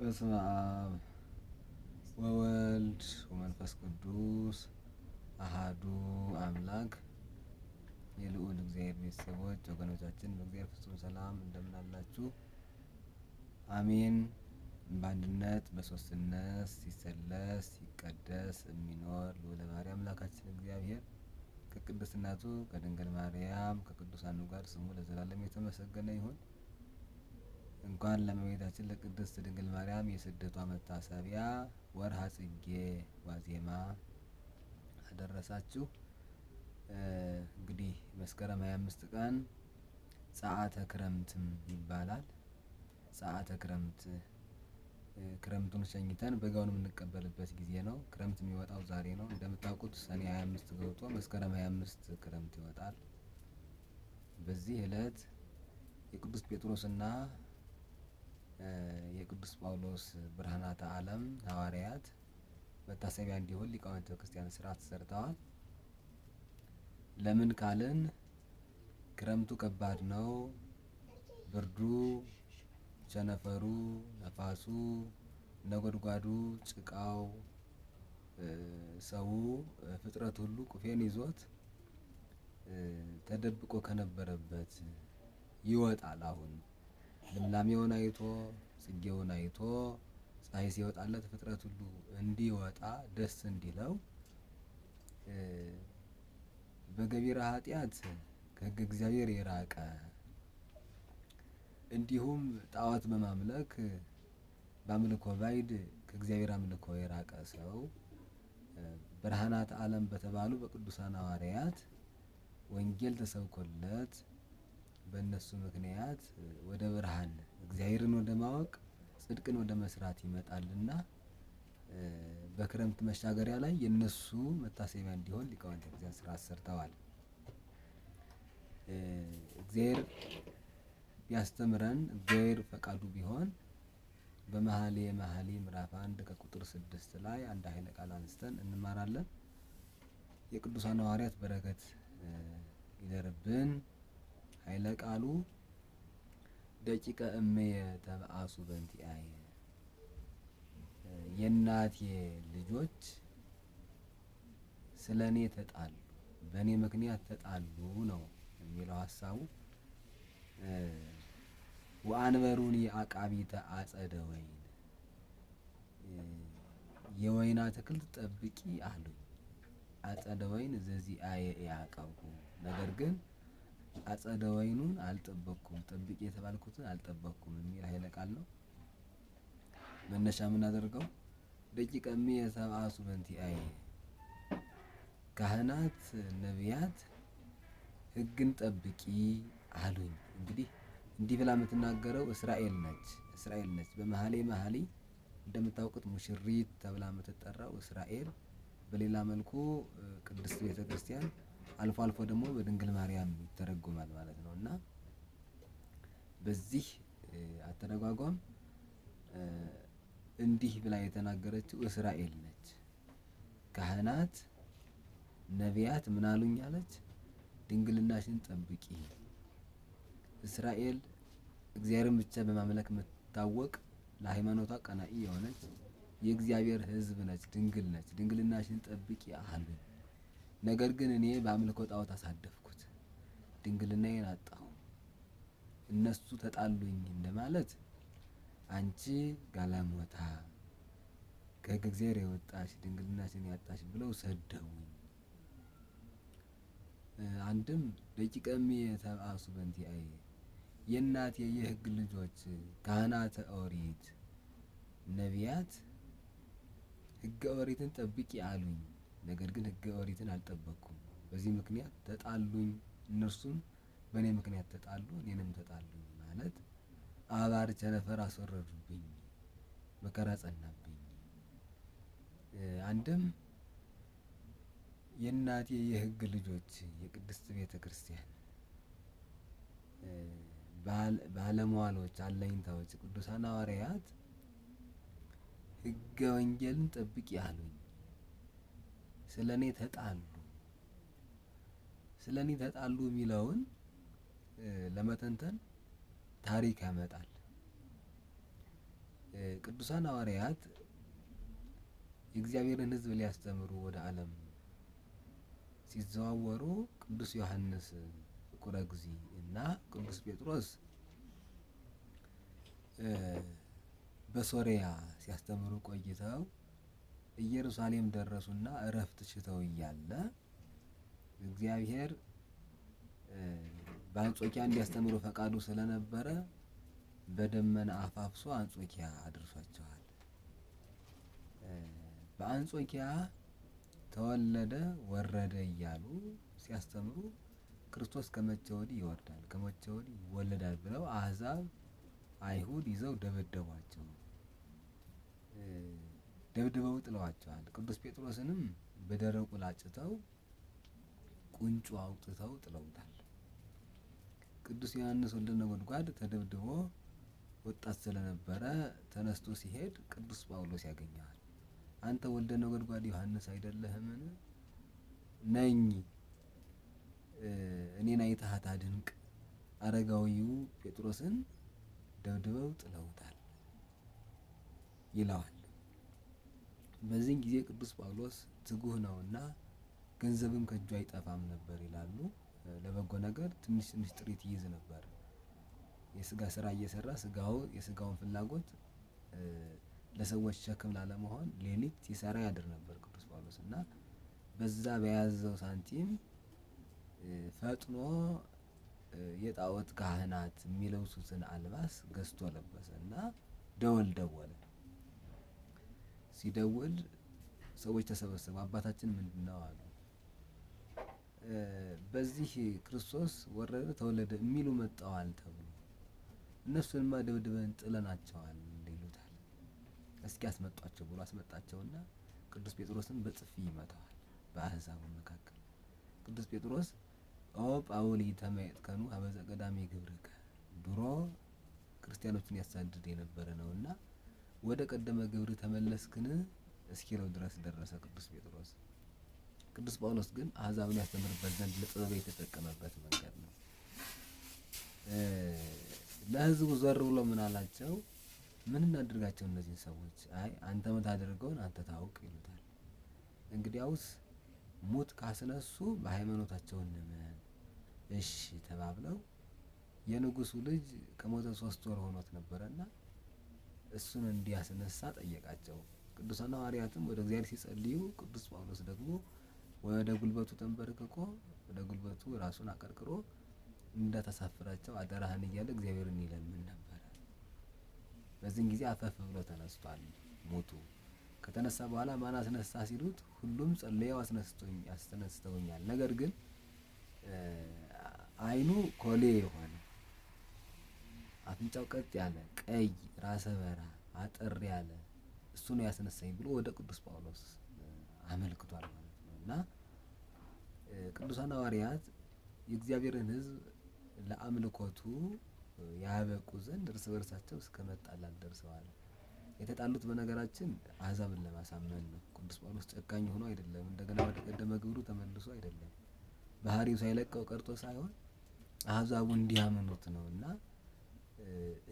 በስመ አብ ወወልድ ወመንፈስ ቅዱስ አሃዱ አምላክ። የልዑል እግዚአብሔር ቤተሰቦች ወገኖቻችን በእግዚአብሔር ፍጹም ሰላም እንደምን አላችሁ? አሜን። በአንድነት በሶስትነት ሲሰለስ ሲቀደስ የሚኖር ልዑለ ባህርይ አምላካችን እግዚአብሔር ከቅድስት እናቱ ከድንግል ማርያም ከቅዱሳኑ ጋር ስሙ ለዘላለም የተመሰገነ ይሁን። እንኳን ለመቤታችን ለቅድስት ድንግል ማርያም የስደቷ መታሰቢያ ወርሃ ጽጌ ዋዜማ አደረሳችሁ። እንግዲህ መስከረም 25 ቀን ጸአተ ክረምትም ይባላል። ጸአተ ክረምት ክረምቱን ሸኝተን በጋውን የምንቀበልበት ጊዜ ነው። ክረምት የሚወጣው ዛሬ ነው። እንደምታውቁት ሰኔ 25 ገብቶ መስከረም 25 ክረምት ይወጣል። በዚህ ዕለት የቅዱስ ጴጥሮስና የቅዱስ ጳውሎስ ብርሃናተ ዓለም ሐዋርያት መታሰቢያ እንዲሆን ሊቃውንተ ክርስቲያን ስርዓት ተሰርተዋል። ለምን ካልን ክረምቱ ከባድ ነው። ብርዱ፣ ቸነፈሩ፣ ነፋሱ፣ ነጎድጓዱ፣ ጭቃው፣ ሰው፣ ፍጥረት ሁሉ ቁፌን ይዞት ተደብቆ ከነበረበት ይወጣል አሁን ልምላሜውን አይቶ ጽጌውን አይቶ ፀሐይ ሲወጣለት ፍጥረት ሁሉ እንዲወጣ ደስ እንዲለው በገቢረ ኃጢአት ከሕግ እግዚአብሔር የራቀ እንዲሁም ጣዖት በማምለክ በአምልኮ ባይድ ከእግዚአብሔር አምልኮ የራቀ ሰው ብርሃናት ዓለም በተባሉ በቅዱሳን ሐዋርያት ወንጌል ተሰብኮለት በእነሱ ምክንያት ወደ ብርሃን እግዚአብሔርን ወደ ማወቅ ጽድቅን ወደ መስራት ይመጣልና በክረምት መሻገሪያ ላይ የእነሱ መታሰቢያ እንዲሆን ሊቃውንተ እግዚአብሔር ስራ ሰርተዋል። እግዚአብሔር ቢያስተምረን እግዚአብሔር ፈቃዱ ቢሆን በመሀሌ መኃልይ ምዕራፍ አንድ ከቁጥር ስድስት ላይ አንድ ኃይለ ቃል አንስተን እንማራለን። የቅዱሳን ሐዋርያት በረከት ይደርብን። ኃይለ ቃሉ ደቂቀ እምየ ተበአሱ በእንቲአየ የእናቴ ልጆች ስለ እኔ ተጣሉ፣ በእኔ ምክንያት ተጣሉ ነው የሚለው ሀሳቡ። ወአንበሩኒ አቃቢተ አጸደ ወይን የወይን አትክልት ጠብቂ አሉኝ። አጸደ ወይን ዘዚአየ ያዕቀብኩ ነገር ግን አጸደ ወይኑን አልጠበቅኩም ጠብቅ የተባልኩትን አልጠበቅኩም የሚል ኃይለ ቃል ነው። መነሻ የምናደርገው ደቂቀ እምየ ሰብአሱ በእንቲአየ ካህናት ነቢያት ሕግን ጠብቂ አሉኝ። እንግዲህ እንዲህ ብላ የምትናገረው እስራኤል ነች። እስራኤል ነች በመሀሌ መሀሌ እንደምታውቁት ሙሽሪት ተብላ የምትጠራው እስራኤል፣ በሌላ መልኩ ቅድስት ቤተክርስቲያን ። አልፎ አልፎ ደግሞ በድንግል ማርያም ይተረጎማል ማለት ነው እና በዚህ አተረጓጓም እንዲህ ብላ የተናገረችው እስራኤል ነች። ካህናት ነቢያት ምን አሉኝ አለች፣ ድንግልናሽን ጠብቂ። እስራኤል እግዚአብሔርን ብቻ በማምለክ የምትታወቅ ለሃይማኖቷ ቀናኢ የሆነች የእግዚአብሔር ሕዝብ ነች፣ ድንግል ነች። ድንግልናሽን ጠብቂ አሉ። ነገር ግን እኔ በአምልኮ ጣዖት አሳደፍኩት፣ ድንግልናዬን አጣሁ፣ እነሱ ተጣሉኝ እንደማለት አንቺ ጋላሞታ ከሕግ እግዚአብሔር የወጣሽ ድንግልናሽን ያጣሽ ብለው ሰደቡኝ። አንድም ደቂቀሚ ተብአሱ በእንቲአየ የእናት የሕግ ልጆች ካህናተ ኦሪት ነቢያት ሕገ ኦሪትን ጠብቂ አሉኝ። ነገር ግን ሕገ ኦሪትን አልጠበቅኩም። በዚህ ምክንያት ተጣሉኝ፣ እነርሱም በእኔ ምክንያት ተጣሉ፣ እኔንም ተጣሉኝ ማለት አባር ቸነፈር አስወረዱብኝ፣ መከራ ጸናብኝ። አንድም የእናቴ የሕግ ልጆች የቅድስት ቤተ ክርስቲያን ባለሟሎች፣ አለኝታዎች፣ ቅዱሳን ሐዋርያት ሕገ ወንጌልን ጠብቅ ያሉኝ ስለ እኔ ተጣሉ ስለ እኔ ተጣሉ የሚለውን ለመተንተን ታሪክ ያመጣል። ቅዱሳን ሐዋርያት የእግዚአብሔርን ሕዝብ ሊያስተምሩ ወደ ዓለም ሲዘዋወሩ ቅዱስ ዮሐንስ ጥቁረ ጊዜ እና ቅዱስ ጴጥሮስ በሶሪያ ሲያስተምሩ ቆይተው ኢየሩሳሌም ደረሱና እረፍት ችተው እያለ እግዚአብሔር በአንጾኪያ እንዲያስተምሩ ፈቃዱ ስለነበረ በደመና አፋፍሶ አንጾኪያ አድርሷቸዋል። በአንጾኪያ ተወለደ ወረደ እያሉ ሲያስተምሩ ክርስቶስ ከመቼ ወዲህ ይወርዳል፣ ከመቼ ወዲህ ይወለዳል ብለው አሕዛብ አይሁድ ይዘው ደበደቧቸው። ደብድበው ጥለዋቸዋል። ቅዱስ ጴጥሮስንም በደረቁ ላጭተው ቁንጮ አውጥተው ጥለውታል። ቅዱስ ዮሐንስ ወልደ ነጎድጓድ ተደብድቦ ወጣት ስለነበረ ተነስቶ ሲሄድ ቅዱስ ጳውሎስ ያገኘዋል። አንተ ወልደ ነጎድጓድ ዮሐንስ አይደለህምን? ነኝ እኔን አይተሃት አድንቅ። አረጋዊው ጴጥሮስን ደብድበው ጥለውታል ይለዋል። በዚህን ጊዜ ቅዱስ ጳውሎስ ትጉህ ነውና ገንዘብም ከእጁ አይጠፋም ነበር ይላሉ። ለበጎ ነገር ትንሽ ትንሽ ጥሪት ይይዝ ነበር። የስጋ ስራ እየሰራ ስጋው የስጋውን ፍላጎት ለሰዎች ሸክም ላለመሆን ሌሊት ሲሰራ ያድር ነበር ቅዱስ ጳውሎስ እና በዛ በያዘው ሳንቲም ፈጥኖ የጣዖት ካህናት የሚለብሱትን አልባስ ገዝቶ ለበሰ እና ደወል ደወለ። ሲደውል ሰዎች ተሰበሰቡ። አባታችን ምንድን ነው አሉ። በዚህ ክርስቶስ ወረደ ተወለደ የሚሉ መጠዋል ተብሎ እነሱንማ ደብድበን ጥለናቸዋል ይሉታል። እስኪ አስመጧቸው ብሎ አስመጣቸውና ቅዱስ ጴጥሮስን በጥፊ ይመታዋል። በአሕዛቡ መካከል ቅዱስ ጴጥሮስ ኦ ጳውሊ ተመየጥከኑ አበዘ ቀዳሜ ግብርከ ድሮ ክርስቲያኖችን ያሳድድ የነበረ ነውና ወደ ቀደመ ግብር ተመለስክን እስኪለው ድረስ ደረሰ ቅዱስ ጴጥሮስ። ቅዱስ ጳውሎስ ግን አሕዛብን ያስተምርበት ዘንድ ለጥበብ የተጠቀመበት መንገድ ነው። ለህዝቡ ዘር ብሎ ምን አላቸው? ምን እናድርጋቸው እነዚህን ሰዎች? አይ አንተ የምታደርገውን አንተ ታውቅ ይሉታል። እንግዲያውስ ሙት ካስነሱ በሃይማኖታቸው እንመን እሺ ተባብለው የንጉሱ ልጅ ከሞተ ሶስት ወር ሆኖት ነበረና እሱን እንዲያስነሳ ጠየቃቸው። ቅዱሳን ሐዋርያትም ወደ እግዚአብሔር ሲጸልዩ፣ ቅዱስ ጳውሎስ ደግሞ ወደ ጉልበቱ ተንበርክኮ ወደ ጉልበቱ ራሱን አቀርቅሮ እንዳታሳፍራቸው አደራህን እያለ እግዚአብሔርን ይለምን ነበረ። በዚህን ጊዜ አፈፍ ብሎ ተነስቷል። ሞቱ ከተነሳ በኋላ ማን አስነሳ ሲሉት ሁሉም ጸልየው አስነስተውኛል፣ ነገር ግን አይኑ ኮሌ የሆነ አፍንጫው ቀጥ ያለ ቀይ ራሰ በራ አጠር ያለ እሱ ነው ያስነሳኝ ብሎ ወደ ቅዱስ ጳውሎስ አመልክቷል ማለት ነው። እና ቅዱሳን ሐዋርያት የእግዚአብሔርን ሕዝብ ለአምልኮቱ ያበቁ ዘንድ እርስ በርሳቸው እስከ መጣላት ደርሰዋል። የተጣሉት በነገራችን አሕዛብን ለማሳመን ነው። ቅዱስ ጳውሎስ ጨካኝ ሆኖ አይደለም፣ እንደገና ወደ ቀደመ ግብሩ ተመልሶ አይደለም፣ ባህሪው ሳይለቀው ቀርቶ ሳይሆን አሕዛቡ እንዲያምኑት ነው እና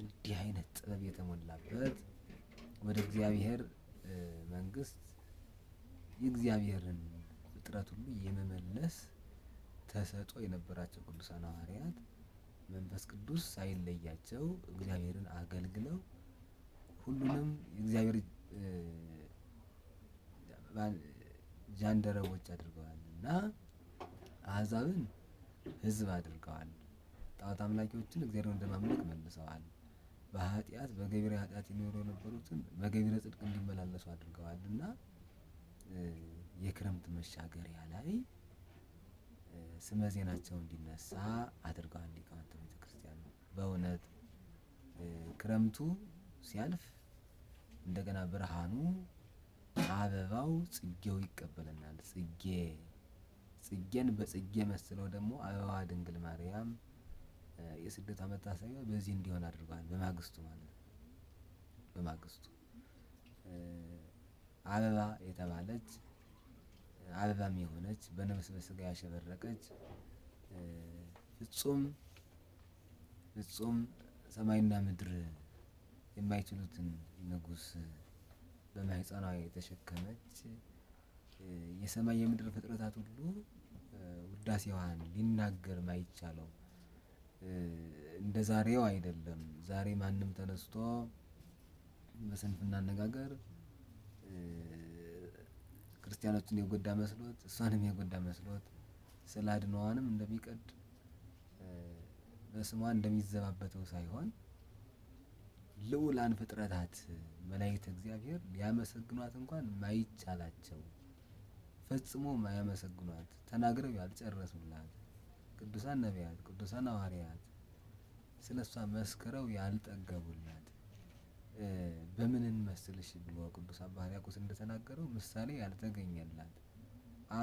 እንዲህ አይነት ጥበብ የተሞላበት ወደ እግዚአብሔር መንግስት የእግዚአብሔርን ፍጥረት ሁሉ የመመለስ ተሰጦ የነበራቸው ቅዱሳን ሐዋርያት መንፈስ ቅዱስ ሳይለያቸው እግዚአብሔርን አገልግለው ሁሉንም የእግዚአብሔር ጃንደረቦች አድርገዋል እና አሕዛብን ሕዝብ አድርገዋል። ጣዖት አምላኪዎችን እግዚአብሔር ወደ ማምለክ መልሰዋል። በኃጢአት በገቢረ ኃጢአት ይኖሩ የነበሩትን በገቢረ ጽድቅ እንዲመላለሱ አድርገዋል እና የክረምት መሻገሪያ ላይ ስመ ዜናቸው እንዲነሳ አድርገዋል ሊቃውንተ ቤተ ክርስቲያን። በእውነት ክረምቱ ሲያልፍ እንደገና ብርሃኑ አበባው ጽጌው ይቀበለናል። ጽጌ ጽጌን በጽጌ መስለው ደግሞ አበባ ድንግል ማርያም የስደቷ መታሰቢያ በዚህ እንዲሆን አድርገዋል። በማግስቱ ማለት ነው። በማግስቱ አበባ የተባለች አበባም የሆነች በነፍስ በስጋ ያሸበረቀች ፍጹም ፍጹም ሰማይና ምድር የማይችሉትን ንጉስ በማህፀኗ የተሸከመች የሰማይ የምድር ፍጥረታት ሁሉ ውዳሴዋን ሊናገር ማይቻለው እንደ ዛሬው አይደለም። ዛሬ ማንም ተነስቶ በስንፍና አነጋገር ክርስቲያኖችን የጎዳ መስሎት እሷንም የጎዳ መስሎት ስለ አድነዋንም እንደሚቀድ በስሟ እንደሚዘባበተው ሳይሆን ልዑላን ፍጥረታት መላይት እግዚአብሔር ሊያመሰግኗት እንኳን ማይቻላቸው ፈጽሞ ማያመሰግኗት ተናግረው ያልጨረሱላት ቅዱሳን ነቢያት፣ ቅዱሳን ሐዋርያት ስለ እሷ መስክረው ያልጠገቡላት በምን እንመስልሽ ብሎ ቅዱስ አባ ሕርያቆስ እንደተናገረው ምሳሌ ያልተገኘላት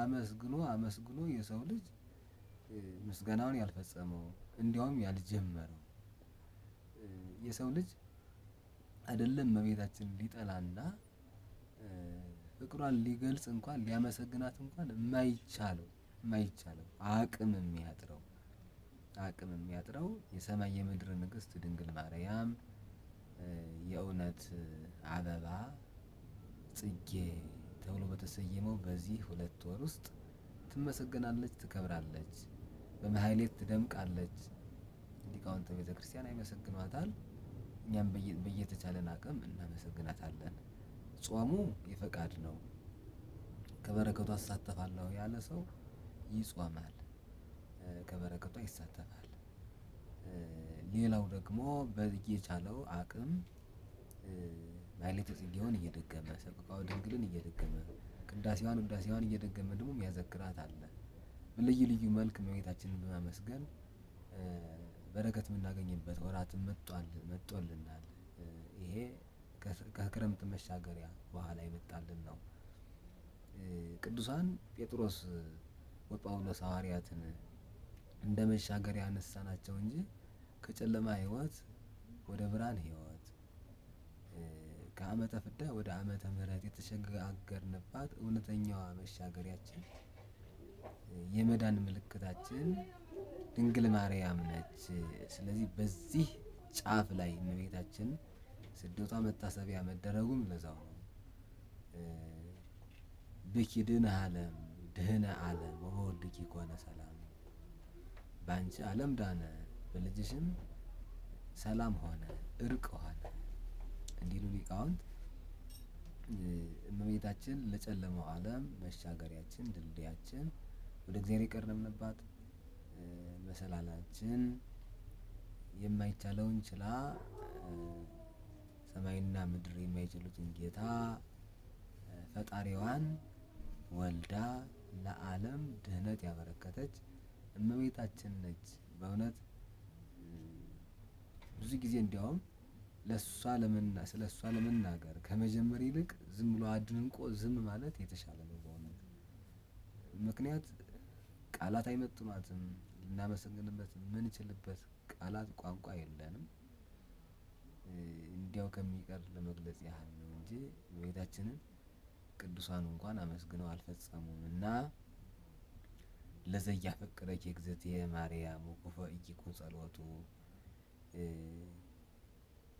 አመስግኖ አመስግኖ የሰው ልጅ ምስጋናውን ያልፈጸመው እንዲያውም ያልጀመረው የሰው ልጅ አይደለም መቤታችን ሊጠላና ፍቅሯን ሊገልጽ እንኳን ሊያመሰግናት እንኳን የማይቻለው ማይቻለው አቅም የሚያጥረው አቅም የሚያጥረው የሰማይ የምድር ንግስት ድንግል ማርያም የእውነት አበባ ጽጌ ተብሎ በተሰየመው በዚህ ሁለት ወር ውስጥ ትመሰገናለች፣ ትከብራለች፣ በመሀይሌት ትደምቃለች። ሊቃውንተ ቤተ ክርስቲያን አይመሰግኗታል። እኛም በየተቻለን አቅም እናመሰግናታለን። ጾሙ የፈቃድ ነው። ከበረከቱ አሳተፋለሁ ያለ ሰው ይጾማል፣ ከበረከቱ ይሳተፋል። ሌላው ደግሞ በየቻለው አቅም ማሕሌተ ጽጌውን እየደገመ ሰቆቃወ ድንግልን እየደገመ ቅዳሴዋን ውዳሴዋን እየደገመ ደግሞ የሚያዘክራት አለ። በልዩ ልዩ መልክ እመቤታችንን በማመስገን በረከት የምናገኝበት ወራትን መጥቶልናል። ይሄ ከክረምት መሻገሪያ በኋላ ይመጣልን ነው። ቅዱሳን ጴጥሮስ በጳውሎስ ሐዋርያትን እንደ መሻገሪያ ያነሳናቸው እንጂ ከጨለማ ህይወት ወደ ብርሃን ህይወት ከአመተ ፍዳ ወደ አመተ ምህረት የተሸጋገርንባት እውነተኛዋ መሻገሪያችን የመዳን ምልክታችን ድንግል ማርያም ነች። ስለዚህ በዚህ ጫፍ ላይ እመቤታችን ስደቷ መታሰቢያ መደረጉም ለዛው ነው። ብኪድን አለም ድህነ ዓለም ወበወልድኪ ኮነ ሰላም፣ በአንቺ ዓለም ዳነ በልጅሽም ሰላም ሆነ እርቅ ሆነ እንዲሉ ሊቃውንት እመቤታችን ለጨለመው ዓለም መሻገሪያችን፣ ድልድያችን፣ ወደ እግዚአብሔር የቀረብንባት መሰላላችን የማይቻለውን ችላ ሰማይና ምድር የማይችሉትን ጌታ ፈጣሪዋን ወልዳ ለዓለም ድህነት ያበረከተች እመቤታችን ነች። በእውነት ብዙ ጊዜ እንዲያውም ለእሷ ለመና ስለ እሷ ለመናገር ከመጀመር ይልቅ ዝም ብሎ አድንቆ ዝም ማለት የተሻለ ነው በእውነት ምክንያት ቃላት አይመጥኗትም። ልናመሰግንበት የምንችልበት ቃላት ቋንቋ የለንም። እንዲያው ከሚቀር ለመግለጽ ያህል ነው እንጂ እመቤታችንን ቅዱሳን እንኳን አመስግነው አልፈጸሙም እና ለዘያ ፈቅረች እግዝእትየ ማርያም ወኩፈ ኢኪኩ ጸሎቱ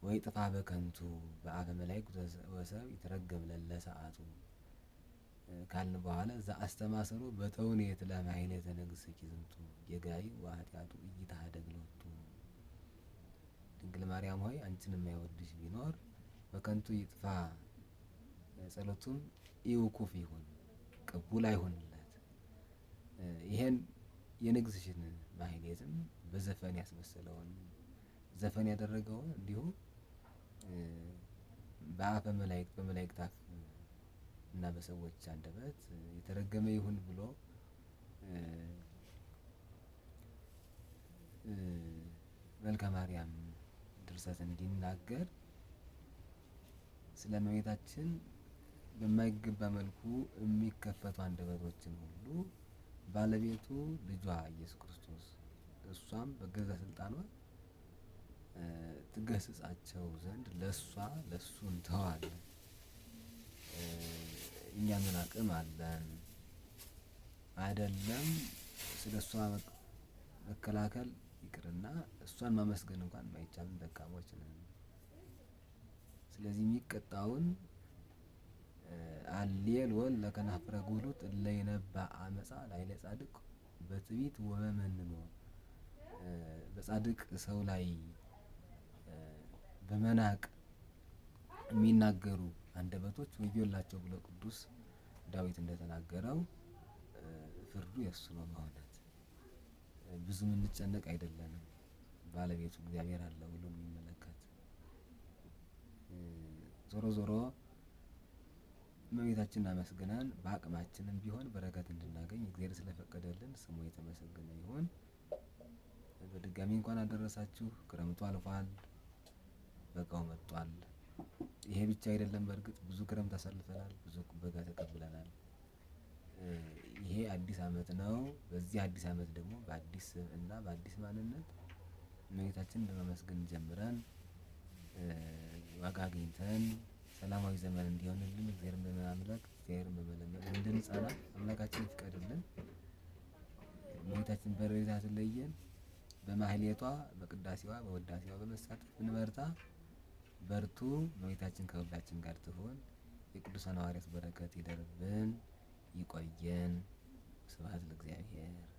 ወይ ጥፋ በከንቱ በአፈ መላእክት ወሰብ ይተረገም ለለ ሰዓቱ ካልን በኋላ እዛ አስተማሰሮ በተውኔት ለማይሌተ ንግሥኪ ዝንቱ የጋይ ወኃጢአቱ ኢይትኀደግ ሎቱ። ድንግል ማርያም ሆይ አንቺን የማይወድሽ ቢኖር በከንቱ ይጥፋ ጸሎቱም ኢውኩፍ ይሁን ቅቡል አይሆንላት። ይሄን የንግስሽን ማህሌትም በዘፈን ያስመሰለውን ዘፈን ያደረገውን እንዲሁ በአፈ መላእክት በመላእክት አፍ እና በሰዎች አንደበት የተረገመ ይሁን ብሎ መልክአ ማርያም ድርሰት እንዲናገር ስለ እመቤታችን በማይገባ መልኩ የሚከፈቱ አንደበቶችን ሁሉ ባለቤቱ ልጇ ኢየሱስ ክርስቶስ እሷም በገዛ ስልጣኗ ትገስጻቸው ዘንድ ለእሷ ለእሱ እንተዋለን። እኛ ምን አቅም አለን? አይደለም ስለ እሷ መከላከል ይቅርና እሷን ማመስገን እንኳን ማይቻልን ደካሞች ነን። ስለዚህ የሚቀጣውን አሌል ወል ለከናፍረ ጉሉት ለይነባ አመፃ ላይለ ጻድቅ በትዕቢት ወበመንሞ በጻድቅ ሰው ላይ በመናቅ የሚናገሩ አንደበቶች ወዮላቸው ብሎ ቅዱስ ዳዊት እንደተናገረው ፍርዱ የእሱ ነው። በእውነት ብዙ የምንጨነቅ አይደለንም። ባለቤቱ እግዚአብሔር አለ ብሎ የሚመለከት ዞሮ ዞሮ እመቤታችንን አመስግናን በአቅማችንም ቢሆን በረከት እንድናገኝ እግዚአብሔር ስለፈቀደልን ስሙ የተመሰገነ ይሁን። በድጋሚ እንኳን አደረሳችሁ። ክረምቱ አልፏል፣ በጋው መጥቷል። ይሄ ብቻ አይደለም። በእርግጥ ብዙ ክረምት አሳልፈናል፣ ብዙ በጋ ተቀብለናል። ይሄ አዲስ ዓመት ነው። በዚህ አዲስ ዓመት ደግሞ በአዲስ እና በአዲስ ማንነት እመቤታችንን በማመስገን ጀምረን ዋጋ አግኝተን ሰላማዊ ዘመን እንዲሆንልን እግዚአብሔር በመላምለክ እግዚአብሔር በመለመን እንድንጸና አምላካችን ይፍቀድልን። እመቤታችን በረድኤቷ አትለየን። በማህሌቷ በቅዳሴዋ በወዳሴዋ በመሳተፍ እንበርታ። በርቱ። እመቤታችን ከሁላችን ጋር ትሆን። የቅዱሳን ሐዋርያት በረከት ይደርብን፣ ይቆየን። ስብሐት ለእግዚአብሔር።